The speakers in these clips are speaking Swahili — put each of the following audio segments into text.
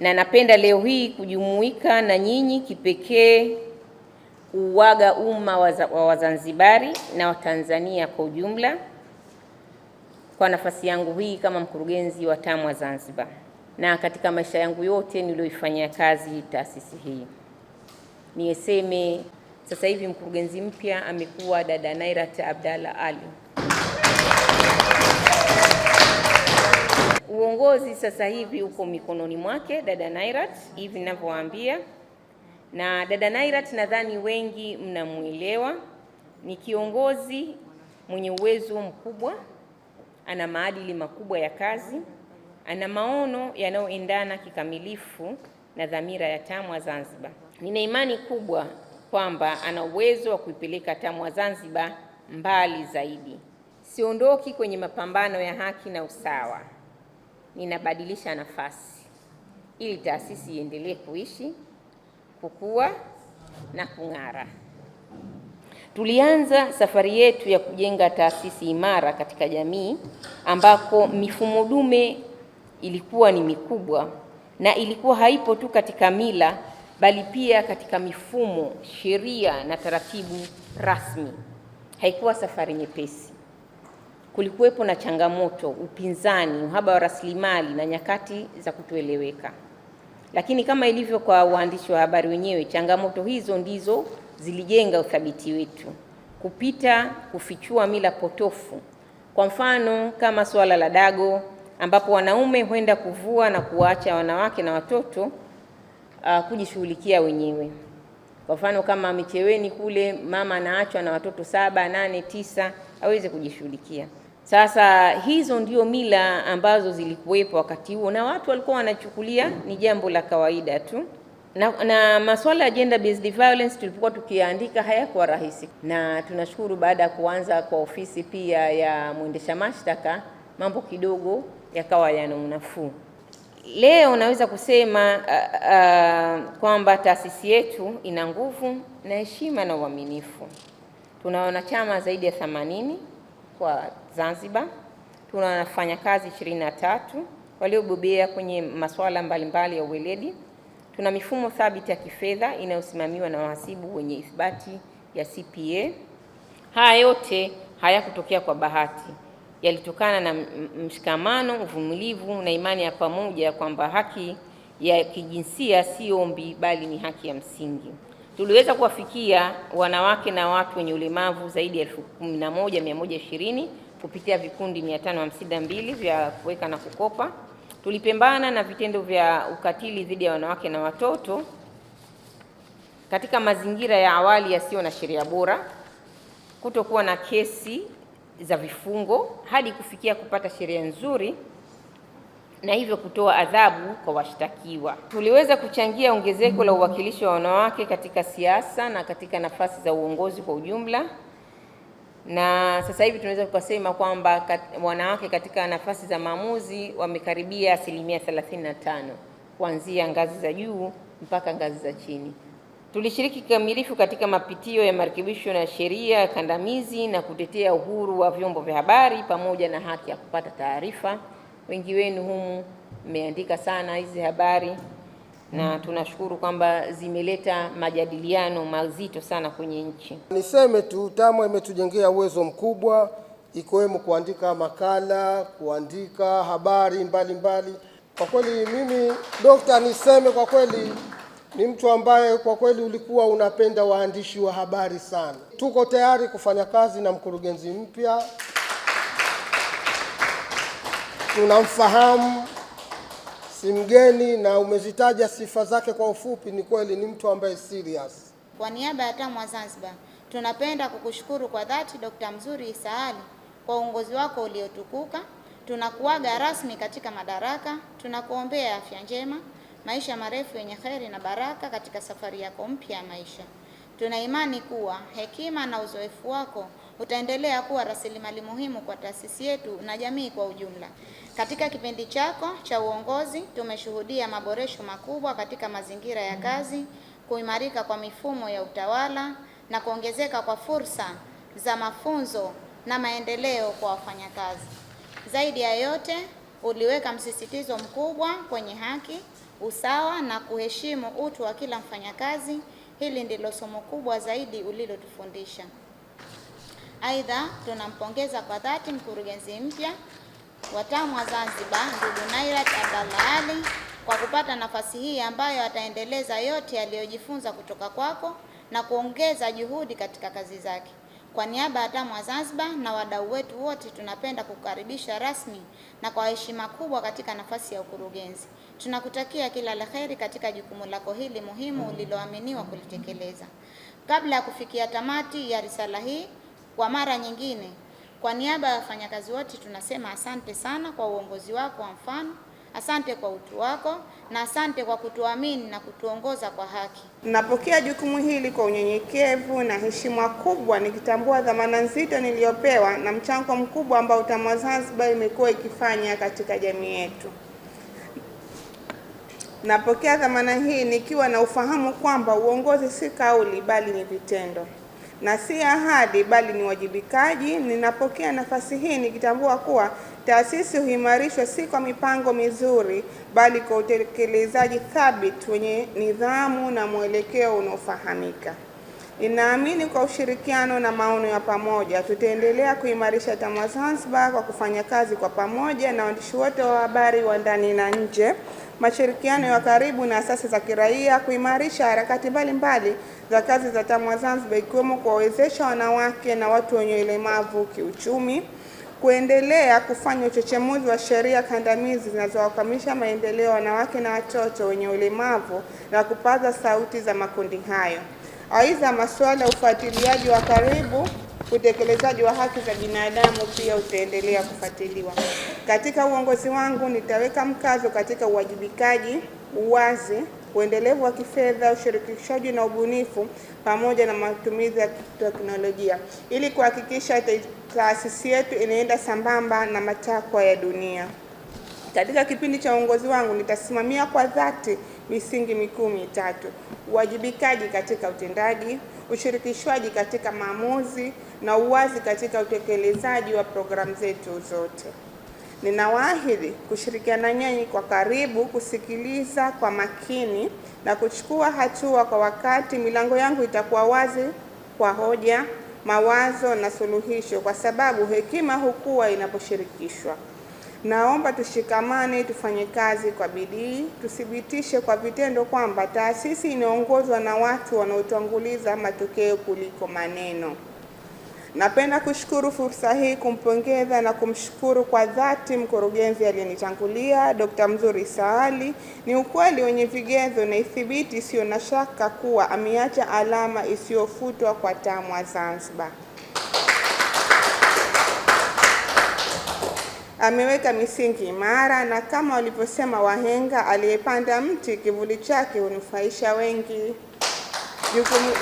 na napenda leo hii kujumuika na nyinyi kipekee kuuaga umma wa Wazanzibari na Watanzania kwa ujumla kwa nafasi yangu hii kama mkurugenzi wa TAMWA Zanzibar na katika maisha yangu yote niliyoifanyia kazi taasisi hii. Niyeseme sasa hivi mkurugenzi mpya amekuwa dada Nairat Abdalla Ali. Uongozi sasa hivi uko mikononi mwake dada Nairat, hivi ninavyowaambia, na dada Nairat nadhani wengi mnamwelewa. Ni kiongozi mwenye uwezo mkubwa, ana maadili makubwa ya kazi, ana maono yanayoendana kikamilifu na dhamira ya TAMWA Zanzibar. Nina imani kubwa kwamba ana uwezo wa kuipeleka TAMWA Zanzibar mbali zaidi. Siondoki kwenye mapambano ya haki na usawa ninabadilisha nafasi ili taasisi iendelee kuishi, kukua na kung'ara. Tulianza safari yetu ya kujenga taasisi imara katika jamii ambako mifumo dume ilikuwa ni mikubwa na ilikuwa haipo tu katika mila bali pia katika mifumo, sheria na taratibu rasmi. Haikuwa safari nyepesi kulikuwepo na changamoto, upinzani, uhaba wa rasilimali na nyakati za kutoeleweka. Lakini kama ilivyo kwa waandishi wa habari wenyewe, changamoto hizo ndizo zilijenga uthabiti wetu kupita kufichua mila potofu. Kwa mfano kama suala la dago, ambapo wanaume huenda kuvua na kuwaacha wanawake na watoto uh, kujishughulikia wenyewe. Kwa mfano kama Micheweni kule, mama anaachwa na watoto saba, nane, tisa aweze kujishughulikia. Sasa hizo ndio mila ambazo zilikuwepo wakati huo na watu walikuwa wanachukulia ni jambo la kawaida tu. Na, na masuala ya gender based violence tulipokuwa tukiandika hayakuwa rahisi, na tunashukuru baada ya kuanza kwa ofisi pia ya mwendesha mashtaka mambo kidogo yakawa yana unafuu. Leo naweza kusema uh, uh, kwamba taasisi yetu ina nguvu na heshima na uaminifu. Tuna wanachama zaidi ya 80 kwa Zanzibar. Tuna wafanyakazi 23 waliobobea kwenye masuala mbalimbali ya uweledi. Tuna mifumo thabiti ya kifedha inayosimamiwa na wahasibu wenye ithibati ya CPA. Haya yote hayakutokea kwa bahati, yalitokana na mshikamano, uvumilivu na imani ya pamoja kwamba haki ya kijinsia si ombi, bali ni haki ya msingi. Tuliweza kuwafikia wanawake na watu wenye ulemavu zaidi ya elfu kumi na moja mia moja ishirini kupitia vikundi 552 vya kuweka na kukopa. Tulipembana na vitendo vya ukatili dhidi ya wanawake na watoto katika mazingira ya awali yasiyo na sheria bora, kutokuwa na kesi za vifungo hadi kufikia kupata sheria nzuri na hivyo kutoa adhabu kwa washtakiwa. Tuliweza kuchangia ongezeko la uwakilishi wa wanawake katika siasa na katika nafasi za uongozi kwa ujumla na sasa hivi tunaweza tukasema kwamba kat, wanawake katika nafasi za maamuzi wamekaribia asilimia 35 kuanzia ngazi za juu mpaka ngazi za chini. Tulishiriki kikamilifu katika mapitio ya marekebisho na sheria kandamizi na kutetea uhuru wa vyombo vya habari pamoja na haki ya kupata taarifa. Wengi wenu humu mmeandika sana hizi habari na mhm. tunashukuru kwamba zimeleta majadiliano mazito sana kwenye nchi. Niseme tu TAMWA imetujengea uwezo mkubwa, ikiwemo kuandika makala, kuandika habari mbalimbali mbali. Kwa kweli mimi dokta, niseme kwa kweli ni mtu ambaye kwa kweli ulikuwa unapenda waandishi wa habari sana. Tuko tayari kufanya kazi na mkurugenzi mpya, tunamfahamu si mgeni na umezitaja sifa zake kwa ufupi. Ni kweli ni mtu ambaye serious. Kwa niaba ya TAMWA Zanzibar tunapenda kukushukuru kwa dhati Dr. Mzuri Issa Ali kwa uongozi wako uliotukuka. Tunakuaga rasmi katika madaraka, tunakuombea afya njema, maisha marefu yenye kheri na baraka katika safari yako mpya ya maisha. Tuna imani kuwa hekima na uzoefu wako utaendelea kuwa rasilimali muhimu kwa taasisi yetu na jamii kwa ujumla. Katika kipindi chako cha uongozi, tumeshuhudia maboresho makubwa katika mazingira ya kazi, kuimarika kwa mifumo ya utawala na kuongezeka kwa fursa za mafunzo na maendeleo kwa wafanyakazi. Zaidi ya yote, uliweka msisitizo mkubwa kwenye haki, usawa na kuheshimu utu wa kila mfanyakazi. Hili ndilo somo kubwa zaidi ulilotufundisha. Aidha, tunampongeza kwa dhati mkurugenzi mpya wa TAMWA Zanzibar, ndugu nairat Abdallah Ali kwa kupata nafasi hii ambayo ataendeleza yote aliyojifunza kutoka kwako na kuongeza juhudi katika kazi zake. Kwa niaba ya TAMWA wa Zanzibar na wadau wetu wote, tunapenda kukukaribisha rasmi na kwa heshima kubwa katika nafasi ya ukurugenzi. Tunakutakia kila la heri katika jukumu lako hili muhimu uliloaminiwa kulitekeleza. Kabla ya kufikia tamati ya risala hii, kwa mara nyingine, kwa niaba ya wafanyakazi wote tunasema asante sana kwa uongozi wako wa mfano Asante kwa utu wako na asante kwa kutuamini na kutuongoza kwa haki. Napokea jukumu hili kwa unyenyekevu na heshima kubwa, nikitambua dhamana nzito niliyopewa na mchango mkubwa ambao utamwa Zanzibar imekuwa ikifanya katika jamii yetu. Napokea dhamana hii nikiwa na ufahamu kwamba uongozi si kauli bali ni vitendo na si ahadi bali ni wajibikaji. Ninapokea nafasi hii nikitambua kuwa taasisi huimarishwa si kwa mipango mizuri, bali kwa utekelezaji thabiti wenye nidhamu na mwelekeo unaofahamika. Inaamini kwa ushirikiano na maono ya pamoja tutaendelea kuimarisha TAMWA Zanzibar kwa kufanya kazi kwa pamoja na waandishi wote wa habari wa ndani na nje, mashirikiano ya karibu na asasi za kiraia, kuimarisha harakati mbalimbali za kazi za TAMWA Zanzibar, ikiwemo kuwawezesha wanawake na watu wenye ulemavu kiuchumi, kuendelea kufanya uchochemuzi wa sheria kandamizi zinazowakwamisha maendeleo ya wanawake na watoto wenye ulemavu na kupaza sauti za makundi hayo. Aidha, masuala ya ufuatiliaji wa karibu utekelezaji wa haki za binadamu pia utaendelea kufuatiliwa. Katika uongozi wangu nitaweka mkazo katika uwajibikaji, uwazi, uendelevu wa kifedha, ushirikishaji na ubunifu, pamoja na matumizi ya teknolojia ili kuhakikisha taasisi yetu inaenda sambamba na matakwa ya dunia. Katika kipindi cha uongozi wangu nitasimamia kwa dhati misingi mikuu mitatu: uwajibikaji katika utendaji, ushirikishwaji katika maamuzi na uwazi katika utekelezaji wa programu zetu zote. Ninawaahidi kushirikiana nanyi kwa karibu, kusikiliza kwa makini na kuchukua hatua kwa wakati. Milango yangu itakuwa wazi kwa hoja, mawazo na suluhisho, kwa sababu hekima hukua inaposhirikishwa. Naomba tushikamane, tufanye kazi kwa bidii, tuthibitishe kwa vitendo kwamba taasisi inaongozwa na watu wanaotanguliza matokeo kuliko maneno. Napenda kushukuru fursa hii kumpongeza na kumshukuru kwa dhati mkurugenzi aliyenitangulia Dr. Mzuri Saali. Ni ukweli wenye vigezo na ithibiti isiyo na shaka kuwa ameacha alama isiyofutwa kwa TAMWA Zanzibar. ameweka misingi imara, na kama walivyosema wahenga, aliyepanda mti kivuli chake hunufaisha wengi. Jukumu,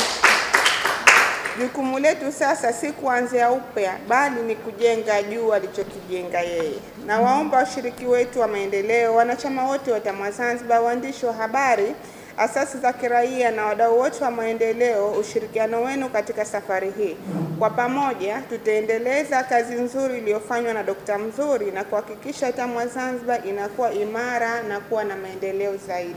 jukumu letu sasa si kuanzia upya, bali ni kujenga juu alichokijenga yeye. Na waomba washiriki wetu wa maendeleo, wanachama wote wa TAMWA Zanzibar, waandishi wa habari asasi za kiraia na wadau wote wa maendeleo ushirikiano wenu katika safari hii. Kwa pamoja tutaendeleza kazi nzuri iliyofanywa na Dokta Mzuri na kuhakikisha TAMWA Zanzibar inakuwa imara na kuwa na maendeleo zaidi.